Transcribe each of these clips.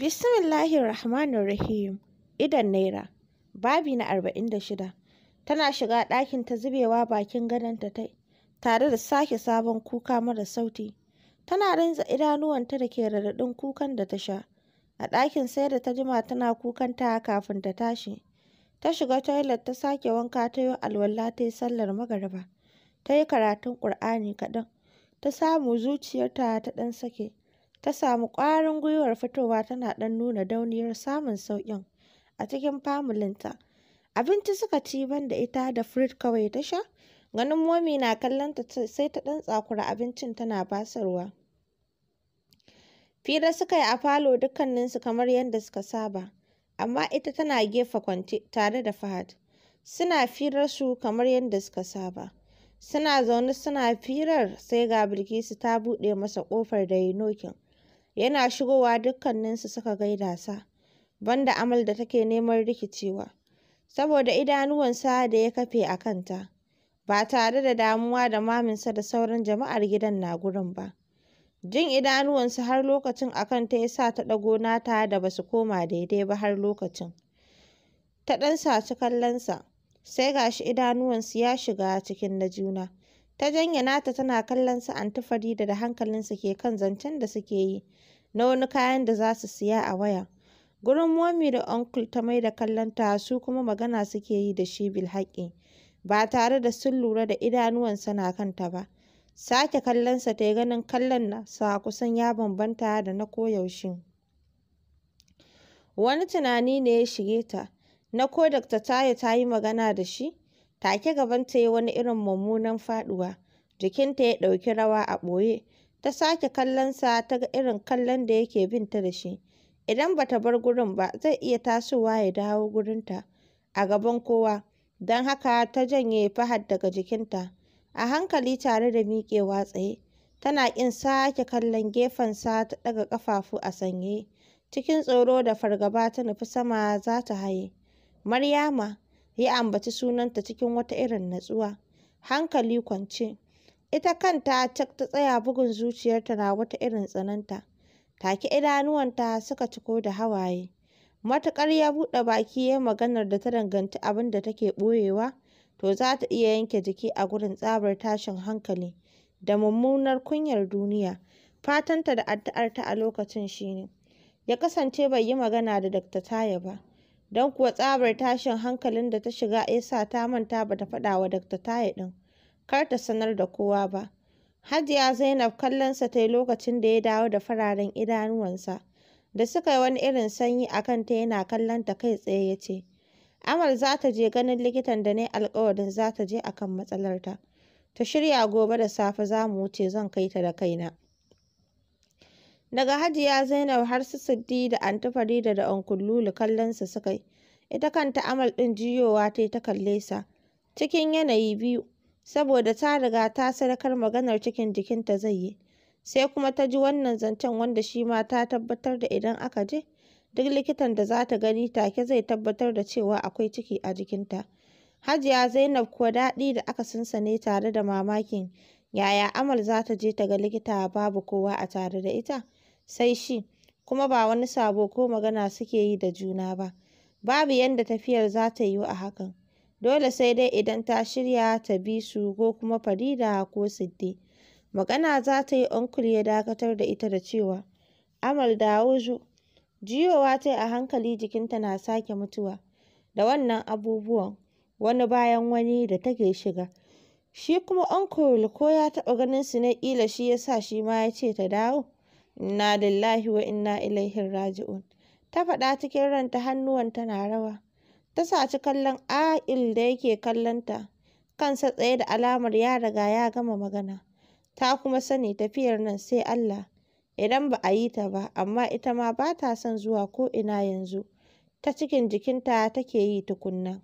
Bismillahirrahmanirrahim. Idan Naira. Babi na arba'in da shida. Tana shiga ɗakin ta zubewa bakin gadonta ta tare da sake sabon kuka mara sauti. Tana rinza idanuwanta da ke raɗaɗin kukan da ta sha. A ɗakin sai da ta jima tana kukan ta kafin ta tashi. Ta shiga toilet ta sake wanka ta yi alwala ta yi sallar magariba. Ta yi karatun Ƙur'ani kaɗan. Ta samu zuciyarta ta ɗan sake. ta samu ƙwarin gwiwar fitowa tana ɗan nuna dauniyar samun sauƙin a cikin famulinta. Abinci suka ci banda ita da fruit kawai ta sha, ganin momi na kallonta sai ta ɗan tsakura abincin tana basarwa. Fira suka yi a falo dukkaninsu kamar yadda suka saba, amma ita tana gefe kwance tare da Fahad. Suna firar su kamar yadda suka saba. Suna zaune suna firar sai ga Bilkisu ta buɗe masa ƙofar da ya nokin. Yana shigowa dukkaninsu suka gaida sa, banda Amal da take neman rikicewa, saboda idanuwansa da ya kafe a kanta, ba tare da damuwa da maminsa da sauran jama'ar gidan na gurin ba. Jin idanuwansa har lokacin a kanta ya sa ta ɗago nata da ba su koma daidai ba har lokacin. Ta ɗan saci kallon sa, sai ga shi idanuwansu ya shiga cikin na juna. Ta janye nata tana kallon su anti da da hankalinsu ke kan zancen da suke yi na wani kayan da za su siya a waya. Gurin momi da uncle ta mai da kallon ta su kuma magana suke yi da shi bilhaƙi ba tare da sun lura da idanuwansa na kanta ba. Sake kallonsa ta ganin kallon sa kusan ya bambanta da na koyaushe. Wani tunani ne ya shige ta na ko Dr. taya ta yi magana da shi take gaban ta yi wani irin mummunan faduwa jikinta ya ɗauki rawa a ɓoye ta sake kallon sa ta ga irin kallon da yake bin ta da shi idan bata bar gurin ba zai iya tasowa ya dawo gurinta a gaban kowa don haka ta janye fahad daga jikinta a hankali tare da miƙewa tsaye tana ƙin sake kallon gefensa ta ɗaga ƙafafu a sanye cikin tsoro da fargaba ta nufi sama zata haye maryama ya ambaci sunanta cikin wata irin natsuwa, hankali kwance. Ita kanta cak ta tsaya bugun zuciyarta na wata irin tsananta. Take idanuwanta suka ciko da hawaye. Matuƙar ya buɗe baki ya maganar da ta danganci abin da take ɓoyewa, to za ta iya yanke jiki a gurin tsabar tashin hankali da mummunar kunyar duniya. Fatanta da addu'arta a lokacin shine ya kasance bai yi magana da Dr. Taya ba. don kuwa tsabar tashin hankalin da ta shiga ya ta manta ba ta faɗa wa Dr. Taye ɗin, kar ta sanar da kowa ba. Hajiya Zainab kallonsa ta yi lokacin da ya dawo da fararen idanuwansa, da suka yi wani irin sanyi a kan ta yana kallon ta kai tsaye ya ce, Amal za ta je ganin likitan da na yi alkawarin za ta je a kan matsalarta. Ta shirya gobe da safe za mu wuce zan kai ta da kaina. Daga Hajiya Zainab har su Siddi da Anti Farida da Uncle Lulu kallon su suka yi. Ita kanta Amal ɗin jiyowa ta ta kalle sa cikin yanayi biyu saboda ta riga ta sadakar maganar cikin jikinta zai yi. Sai kuma ta ji wannan zancen wanda shi ma ta tabbatar da idan aka je duk likitan da za ta gani take zai tabbatar da cewa akwai ciki a jikinta. Hajiya Zainab kuwa daɗi da aka ne tare da mamakin yaya Amal za ta je ta ga likita babu kowa a tare da ita. sai shi, kuma ba wani sabo ko magana suke yi da juna ba. Babu yadda tafiyar za ta yiwu a hakan. Dole sai dai idan ta shirya ta bi su ko kuma Farida ko sidde Magana za ta yi onkul ya dakatar da ita da cewa, Amal dawo zu. Jiyowa ta a hankali jikinta na sake mutuwa da wannan abubuwan wani bayan wani da take shiga. Shi kuma onkul ko ya taɓa ganin su na ƙila shi ya sa shi ma ya ce ta dawo. inna lillahi wa inna ilaihi raji'un ta faɗa cikin ranta hannuwanta na rawa ta saci kallon A'il da yake kallonta kansa tsaye da alamar ya riga ya gama magana ta kuma sani tafiyar nan sai Allah idan ba a yi ta ba amma ita ma ba ta son zuwa ko ina yanzu ta cikin jikinta take yi tukunna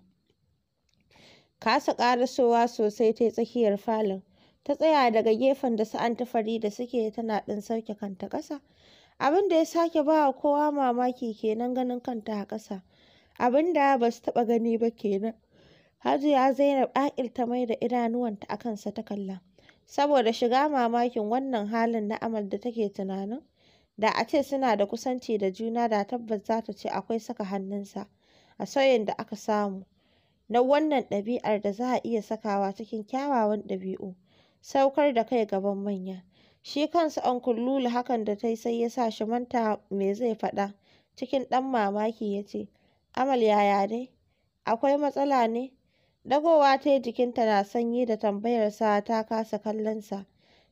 kasa ƙarasowa sosai ta tsakiyar falon ta tsaya daga gefen da su tafari da suke tana ɗin sauke kanta ƙasa. Abin da ya sake ba kowa mamaki kenan ganin kanta a ƙasa. Abin da ba su taɓa gani ba kenan. ya Zainab ɗakil ta mai da idanuwanta a kansa ta kalla. Saboda shiga mamakin wannan halin na Amal da take tunanin. Da a ce suna da kusanci da juna da tabbas za ta ce akwai saka hannunsa a sauyin da aka samu. Na wannan ɗabi'ar da za a iya sakawa cikin kyawawan ɗabi'u. saukar da kai gaban manya shi kansa Uncle Lulu hakan da ta yi sai yasa shi manta me zai faɗa cikin ɗan mamaki ya ce Amal yaya dai akwai matsala ne dagowa ta yi jikinta na sanyi da tambayar sa ta kasa kallonsa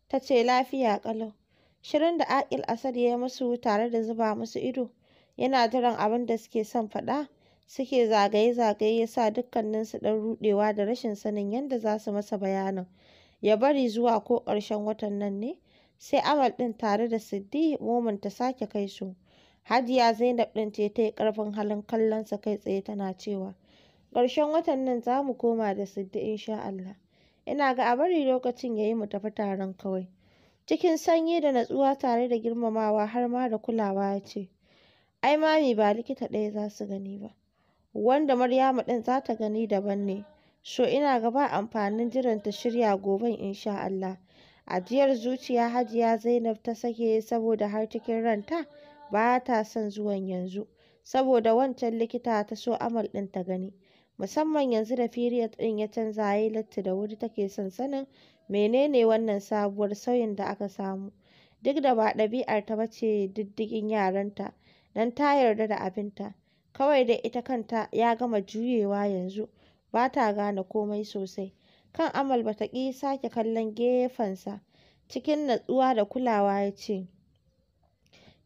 ta ce lafiya ƙalau shirin da Aƙil Asad ya yi musu tare da zuba musu ido yana jiran abin da suke son faɗa suke zagaye-zagaye ya sa dukkaninsu ɗan ruɗewa da rashin sanin yadda za su masa bayanin ya bari zuwa ko ƙarshen watan nan ne sai amal ɗin tare da siddi momin ta sake kai su hadiya zainab ɗin ce ta yi ƙarfin halin kallon sa kai tsaye tana cewa ƙarshen watan nan za mu koma da siddi insha Allah ina ga a bari lokacin ya yi mu tafi taron kawai cikin sanyi da natsuwa tare da girmamawa har ma da kulawa ya ce ai mami ba likita ɗaya za su gani ba wanda Maryamu ɗin za ta gani daban ne So ina gaba amfanin jiran ta shirya goben insha Allah. Ajiyar zuciya Hajiya Zainab ta sake saboda har cikin ranta ba ta son zuwan yanzu. Saboda wancan likita ta so Amal din ta gani. Musamman yanzu da period din ya canza ya yi latti da wuri take son sanin menene wannan sabuwar sauyin da aka samu. Duk da ba ɗabi'ar ta bace diddigin yaranta, nan ta yarda da abinta. Kawai da ita kanta ya gama juyewa yanzu. ba ta gane komai sosai. Kan Amal ba ta ƙi sake kallon gefensa. Cikin natsuwa da kulawa ya ce,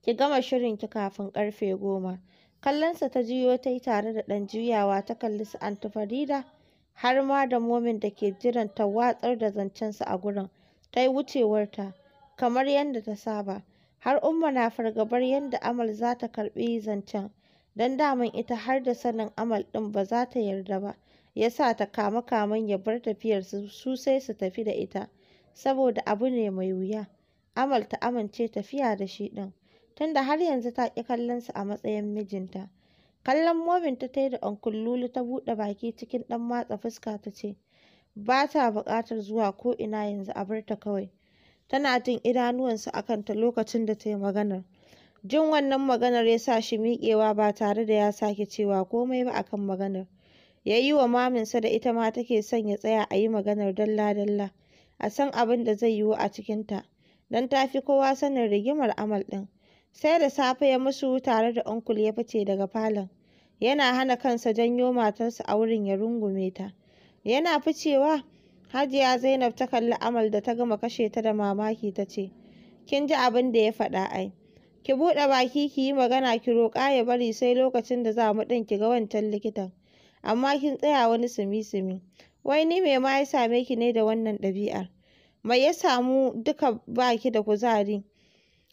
Ki gama shirinki kafin ƙarfe goma. Kallonsa ta jiyo ta yi tare da ɗan juyawa ta kalli su Anta Farida har ma da momin da ke jiran ta watsar da zancensa a gurin. Ta yi wucewarta kamar yadda ta saba. Har Umma na fargabar yadda Amal za ta karɓi zancen. Don daman ita har da sanin Amal ɗin ba za ta yarda ba. ya sa ta kama kaman ya bar tafiyar su sai su tafi da ita saboda abu ne mai wuya amal ta amince tafiya da shi ɗin tunda har yanzu ta ki kallon sa a matsayin mijinta kallon momin ta yi da lulu ta buɗe baki cikin ɗan matsa fuska ta ce ba ta buƙatar zuwa ko ina yanzu a bar ta kawai tana jin idanuwansu a kanta lokacin da ta yi maganar jin wannan maganar ya sa shi miƙewa ba tare da ya sake cewa komai ba akan maganar ya yi wa maminsa da ita ma take son ya tsaya a yi maganar dalla-dalla a san abin da zai yiwu a cikinta don ta fi kowa sanin rigimar amal ɗin sai da safe ya musu tare da onkul ya fice daga falon yana hana kansa janyo matarsa a wurin ya rungume ta yana ficewa hajiya zainab ta kalli amal da ta gama kashe ta da mamaki ta ce kin ji abin da ya faɗa ai ki buɗe baki ki yi magana ki roƙa ya bari sai lokacin da za mu ɗin ki ga wancan likitan amma kin tsaya wani sumi-sumi. Wai ni me ma ya same ki ne da wannan ɗabi'ar? Mai ya samu duka ba ki da kuzari?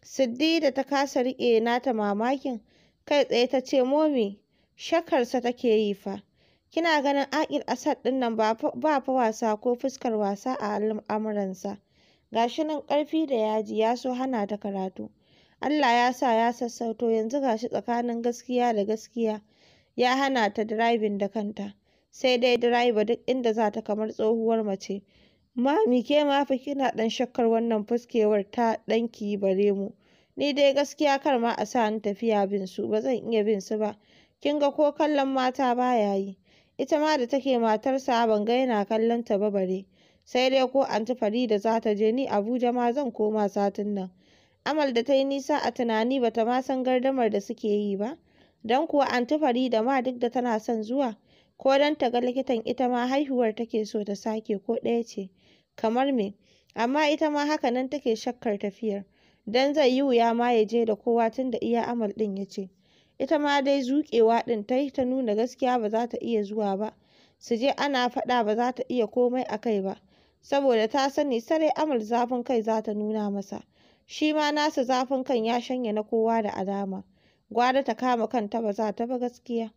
Siddi da ta kasa riƙe nata mamakin, kai tsaye ta ce momi shakarsa take yi fa. Kina ganin Aƙil Asad ɗin nan ba fa wasa ko fuskar wasa a al'amuransa. Ga shi nan ƙarfi da yaji ya so hana ta karatu. Allah ya sa ya sassauto yanzu ga shi tsakanin gaskiya da gaskiya. ya hana ta direbin da kanta sai dai direba duk inda za ta kamar tsohuwar mace mami ke ma fa kina dan shakkar wannan fuskewar ta ɗanki bare mu ni dai gaskiya kar ma a sa ni tafiya bin su ba zan iya bin su ba kin ga ko kallon mata baya yi ita ma da take matarsa ban ga yana kallon ta ba bare sai dai ko anti Farida za ta je ni Abuja ma zan koma satin nan Amal da ta yi nisa a tunani bata ma san gardamar da suke yi ba don kuwa anti Farida ma duk da tana son zuwa ko don ta ga likitan ita ma haihuwar take so ta sake ko ɗaya ce kamar me amma ita ma haka nan take shakkar tafiyar don zai yi wuya ma ya je da kowa tunda iya amal ɗin ya ce ita ma dai zuƙewa ɗin ta yi ta nuna gaskiya ba za ta iya zuwa ba su je ana faɗa ba za ta iya komai a kai ba saboda ta sani sarai amal zafin kai za ta nuna masa shi ma nasa zafin kan ya shanya na kowa da alama Gwada ta kama kanta ba za ta ba gaskiya.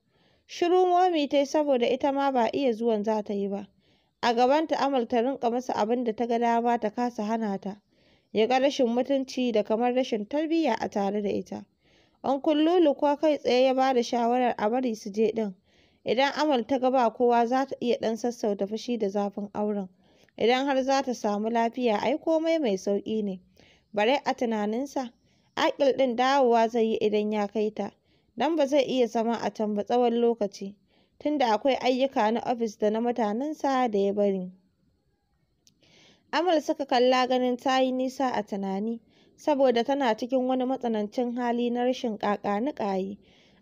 Shiru momi ta saboda ita ma ba iya zuwan za ta yi ba. A gabanta Amal ta rinka masa abin da ta ga dama ta kasa hana ta. Ya ga rashin mutunci da kamar rashin tarbiyya a tare da ita. An kullulu kuwa kai tsaye ya ba da shawarar a bari su je din. Idan Amal ta ga ba kowa za ta iya ɗan sassauta fushi da zafin auren. Idan har za ta samu lafiya ai komai mai sauƙi ne. Bare a tunaninsa Aƙil ɗin dawowa zai yi idan ya kai ta, don ba zai iya zama a can ba tsawon lokaci, tunda akwai ayyuka na ofis da na mutanen sa da ya bari. Amal suka kalla ganin ta yi nisa a tunani, saboda tana cikin wani matsanancin hali na rashin ƙaƙa-ni-ƙayi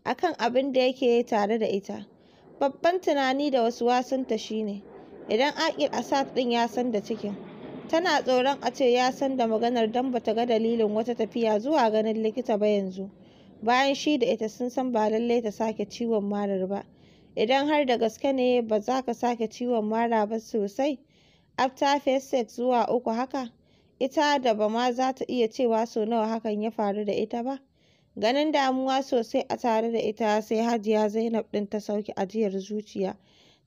a kan abin da yake tare da ita. Babban tunani da wasu wasunta shi ne, idan a Asad ɗin ya san da cikin. tana tsoron a ce ya san da maganar don ba ta ga dalilin wata tafiya zuwa ganin likita ba yanzu bayan shi da ita sun san ba lallai ta sake ciwon marar ba idan har da gaske ne ba za ka sake ciwon mara ba sosai after first sex zuwa uku haka ita da ba ma za ta iya cewa sau nawa hakan ya faru da ita ba ganin damuwa sosai a tare da ita sai hajiya zainab ɗin ta sauki ajiyar zuciya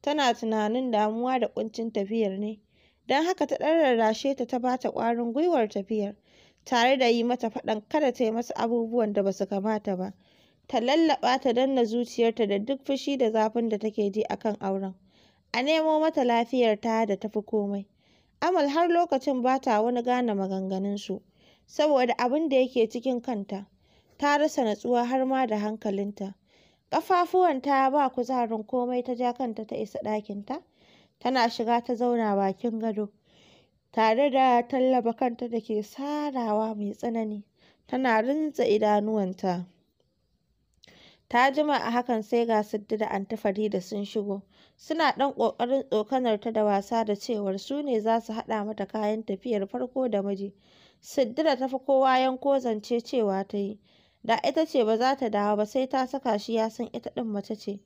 tana tunanin damuwa da ƙuncin tafiyar ne Don haka ta ɗan rarrashe ta ta bata ta ƙwarin gwiwar tafiyar, tare da yi mata faɗan kada ta yi masa abubuwan da basu kamata ba. Ta lallaɓa ta danne zuciyarta da duk fushi da zafin da take ji akan auren. A nemo mata lafiyar lafiyarta da tafi komai. Amal har lokacin bata wani gane maganganun su saboda abin da yake cikin kanta. Ta rasa natsuwa har ma da hankalinta. ta ba kuzarin komai ta ja kanta ta isa ɗakinta. tana shiga ta zauna bakin gado tare da tallafa kanta da ke sarawa mai tsanani tana rintsa idanuwanta ta jima a hakan sai ga Siddi da Farida sun shigo suna ɗan ƙoƙarin tsokanar ta da wasa da cewar su ne za su haɗa mata kayan tafiyar farko da miji Siddi da tafi kowa yanko zance cewa ta yi da ita ce ba za ta dawo ba sai ta saka shi ya san ita ɗin mace ce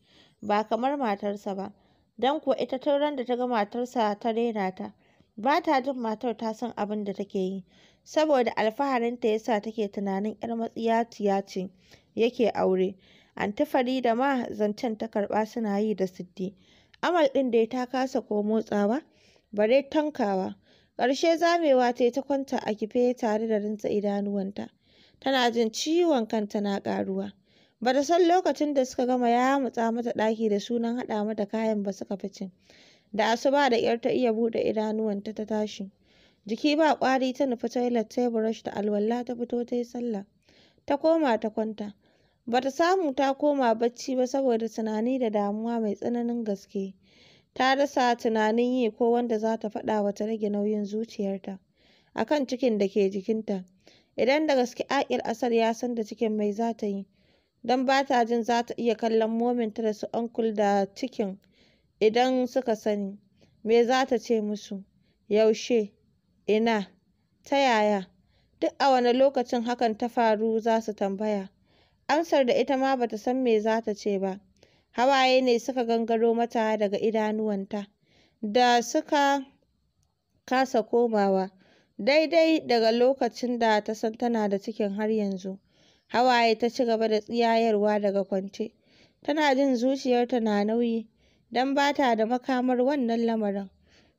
ba kamar matarsa ba don kuwa ita tun da ta ga matarsa ta raina ta ba ta jin matar ta san abin da take yi saboda alfaharinta yasa take tunanin 'yar matsiyaciya ce yake aure anti da ma zancen ta karɓa suna yi da siddi amal ɗin dai ta kasa ko motsawa bare tankawa ƙarshe zamewa ta ta kwanta a kife tare da rintsa idanuwanta tana jin ciwon kanta na ƙaruwa ba da san lokacin da suka gama ya mutsa mata ɗaki da sunan haɗa mata kayan ba suka fice da asuba da ƙyar ta iya buɗe idanuwanta ta tashi jiki ba ƙwari ta nufi toilet ta brush da alwala ta fito ta yi sallah ta koma ta kwanta Ba ta samu ta koma bacci ba saboda tunani da damuwa mai tsananin gaske ta rasa tunanin yi ko wanda za ta faɗa wa ta rage nauyin zuciyarta akan cikin da ke jikinta idan da gaske aƙil asar ya san da cikin mai za ta yi don ba ta jin za ta iya kallon mominta da su uncle da cikin idan suka sani me za ta ce musu yaushe ina ta yaya duk a wane lokacin hakan ta faru za su tambaya amsar da ita ma bata san me za ta ce ba hawaye ne suka gangaro mata daga idanuwanta da suka kasa komawa daidai daga lokacin da ta san tana da cikin har yanzu Hawaye ta cigaba da tsiyayarwa daga kwance. Tana jin zuciyarta na nauyi don ba ta da makamar wannan lamarin.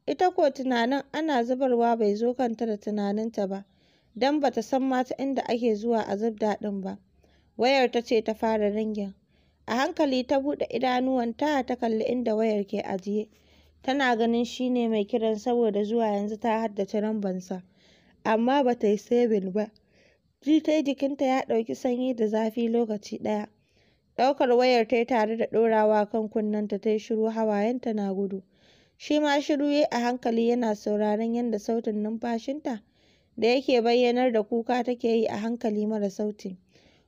Ita ko tunanin ana zubarwa bai zo kanta da tunaninta ba, don ba ta san ma ta inda ake zuwa a zubda ɗin ba. Wayar ta ce ta fara ringin. A hankali ta buɗe idanuwanta ta kalli inda wayar ke ajiye. Tana ganin shi ne mai kiran saboda zuwa yanzu ta haddace sa amma ba ta yi sebil ba. jitai jikinta ya ɗauki sanyi da zafi lokaci ɗaya. Ɗaukar wayar ta tare da ɗorawa kan kunnenta ta yi shiru hawayenta na gudu. Shi ma shiru ya a hankali yana sauraron yadda sautin numfashinta da yake bayyanar da kuka take yi a hankali mara sauti.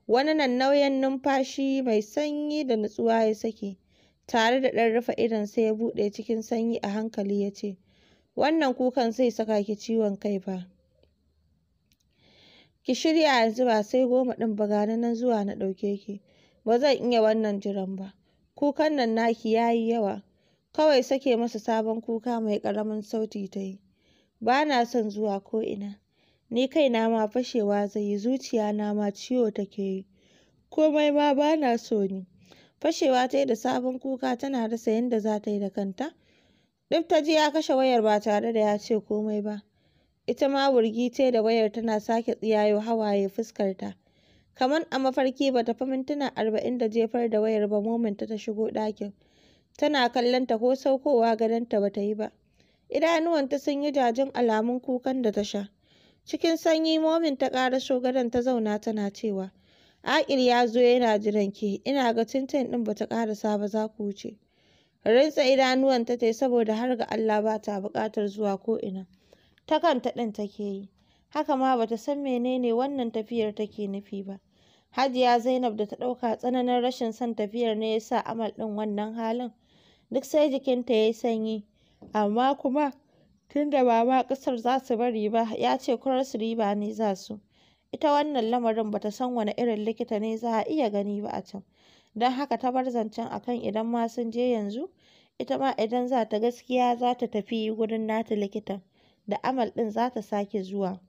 Wani nauyin numfashi mai sanyi da nutsuwa ya saki, tare da ɗan rufe idonsa ya buɗe cikin sanyi a hankali ya ce, Wannan kukan zai saka ki ciwon kai fa. Ki shirya yanzu ba sai goma ɗin ba na nan zuwa na ɗauke ki. Ba zan iya wannan jiran ba. Kukan nan naki ya yi yawa. Kawai sake masa sabon kuka mai ƙaramin sauti ta yi. Ba na son zuwa ko ina. Ni kaina ma fashewa zai yi zuciya na ma ciwo take yi. Komai ma bana na so ni. Fashewa ta yi da sabon kuka tana rasa yadda za ta yi da kanta. Duk ta ji ya kashe wayar ba tare da ya ce komai ba. ita ma wurgi ce da wayar tana sake tsiyayo hawaye fuskarta kamar a mafarki ba ta fi mintuna arba'in da jefar da wayar ba momenta ta shigo ɗakin tana kallon ta ko saukowa gadonta ba ta yi ba idanuwanta sun yi jajin alamun kukan da ta sha cikin sanyi momin ta ƙaraso gadon ta zauna tana cewa aƙil ya zo yana jiran ke, ina ga tintin ɗin bata ƙarasa ba za ku wuce rintsa idanuwanta ta yi saboda har ga Allah bata ta buƙatar zuwa ko ina ta kanta ɗin take yi haka ma bata san menene wannan tafiyar take nufi ba hajiya zainab da ta ɗauka tsananin rashin son tafiyar ne yasa amal ɗin wannan halin duk sai jikinta ya yi sanyi amma kuma tunda ba ma ƙasar za su bari ba ya ce kurar su riba ne za su ita wannan lamarin bata san wani irin likita ne za a iya gani ba a can don haka ta bar zancen akan idan ma sun je yanzu ita ma idan za ta gaskiya za ta tafi wurin nata likitan da Amal ɗin za ta sake zuwa.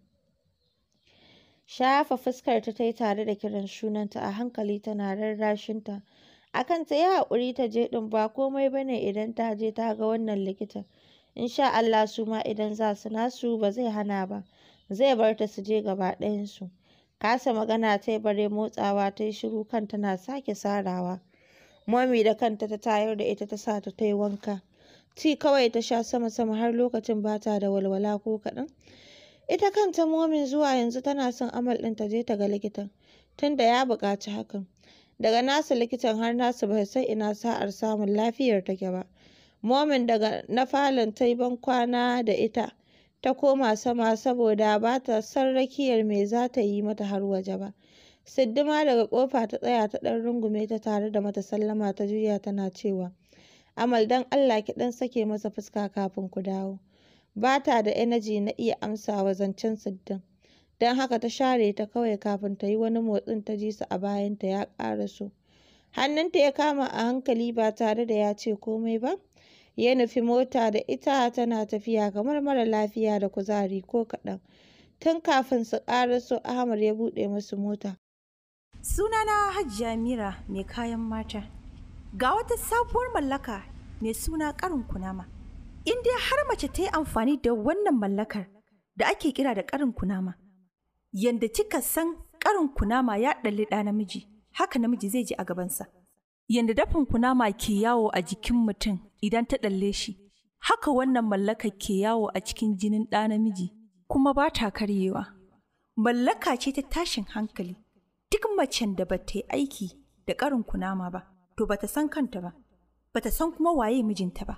Shafa fuskar ta ta yi tare da kiran sunanta a hankali tana rarrashinta. A kan ta yi haƙuri ta je ɗin ba komai ba ne idan ta je ta ga wannan likitan. sha Allah su ma idan za su nasu ba zai hana ba, zai bar ta su je gaba ɗayansu. Kasa magana ta yi bare motsawa ta yi shiru kan tana sake sarawa. Mami da kanta ta tayar da ita ta sa ta ta yi wanka. Ci kawai ta sha sama-sama har lokacin ba ta da walwala ko kaɗan. Ita kanta momin zuwa yanzu tana son amal ɗin ta je ta ga likitan, tunda ya buƙaci hakan. Daga nasu likitan har nasu bai san ina sa'ar samun lafiyar take ba. Momin daga na falon ta yi kwana da ita, ta koma sama saboda ba ta san rakiyar me za ta yi mata har waje ba. Siddima daga kofa ta tsaya ta ɗan rungume ta tare da mata sallama ta juya tana cewa, Amal don Allah ki ɗan sake masa fuska kafin ku dawo. Ba ta da energy na iya amsawa zancen siddin. Don haka ta share ta kawai kafin ta yi wani motsin ta ji su a bayanta ya ƙara so. Hannunta ya kama a hankali ba tare da ya ce komai ba. Ya nufi mota da ita tana tafiya kamar mara lafiya da kuzari ko kaɗan. Tun kafin su ƙara so Ahmad ya buɗe musu mota. Sunana Hajiya Mira mai kayan mata. Ga wata sabuwar mallaka mai suna karin kunama. In dai har mace ta yi amfani da wannan mallakar da ake kira da karin kunama, yanda kika san karin kunama ya ɗalli ɗa namiji, haka namiji zai ji a gabansa. Yanda dafin kunama ke yawo a jikin mutum idan ta ɗalle shi, haka wannan mallakar ke yawo a cikin jinin ɗa namiji, kuma ba ta karyewa. Mallaka ce ta tashin hankali, duk macen da ba ta yi aiki da karin kunama ba, to ba ta san kanta ba. bata san kuma waye mijinta ba.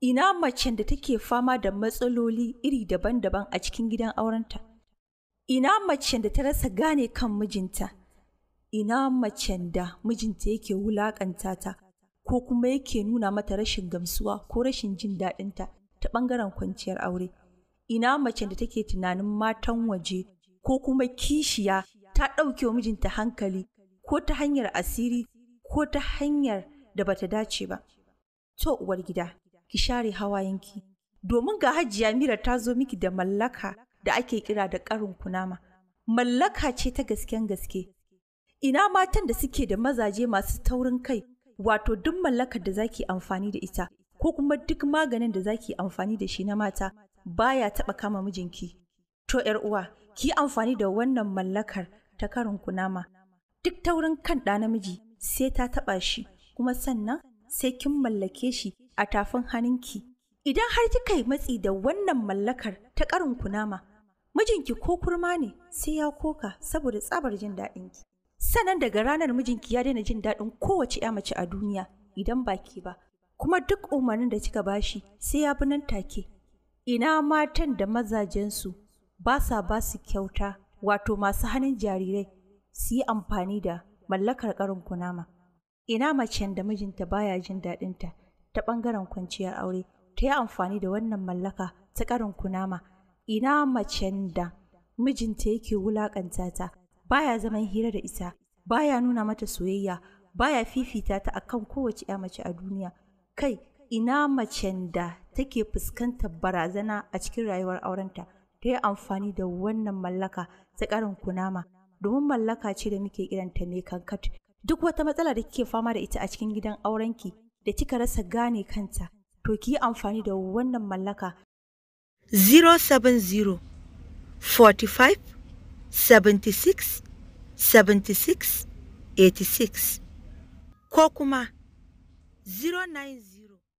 Ina macen da take fama da matsaloli iri daban-daban a cikin gidan aurenta? Ina macen da ta rasa gane kan mijinta? Ina macen da mijinta yake wulaƙanta ta ko kuma yake nuna mata rashin gamsuwa ko rashin jin daɗinta ta ɓangaren kwanciyar aure? Ina macen da take tunanin matan waje ko kuma kishiya ta ɗauke wa mijinta hankali ko ta hanyar asiri ko ta hanyar da bata dace ba. To uwar gida, ki share hawayenki, domin ga hajiya mira ta zo miki da mallaka da ake kira da karin kunama. Mallaka ce ta gasken gaske. Ina matan da suke da mazaje masu taurin kai, wato duk mallakar da zaki amfani da ita, ko kuma duk maganin da zaki amfani da shi na mata baya taɓa kama mijinki. To ‘yar uwa, ki amfani da wannan mallakar ta karin kunama. Duk taurin kan ɗa namiji sai ta taɓa shi. kuma sannan sai kin mallake shi a tafin hannunki. Idan har kika yi matsi da wannan mallakar ta karin kunama, mijinki ko kurma ne sai ya koka saboda tsabar jin daɗin ki Sannan daga ranar mijinki ya daina jin daɗin kowace ya mace a duniya idan baki ba, kuma duk umarnin da kika bashi sai ya bi nan take. Ina matan da mazajensu ba sa ba su kyauta wato masu hannun jarirai su yi amfani da mallakar karin kunama. Ina macen da mijinta baya jin daɗinta ta ɓangaren kwanciyar aure ta yi amfani da wannan mallaka ta ƙarin kunama. Ina mace da mijinta yake wulaƙanta ta baya zaman hira da ita baya nuna mata soyayya baya fifita ta akan kowace ya mace a duniya kai ina macen da take fuskantar barazana a cikin rayuwar aurenta ta yi amfani da wannan mallaka ta ƙarin kunama domin mallaka ce da muke kiranta ne kankat Duk wata matsala da kike fama da ita a cikin gidan aurenki da kika rasa gane kanta, to ki amfani da wannan mallaka. 070 45 76 76 86 ko kuma 090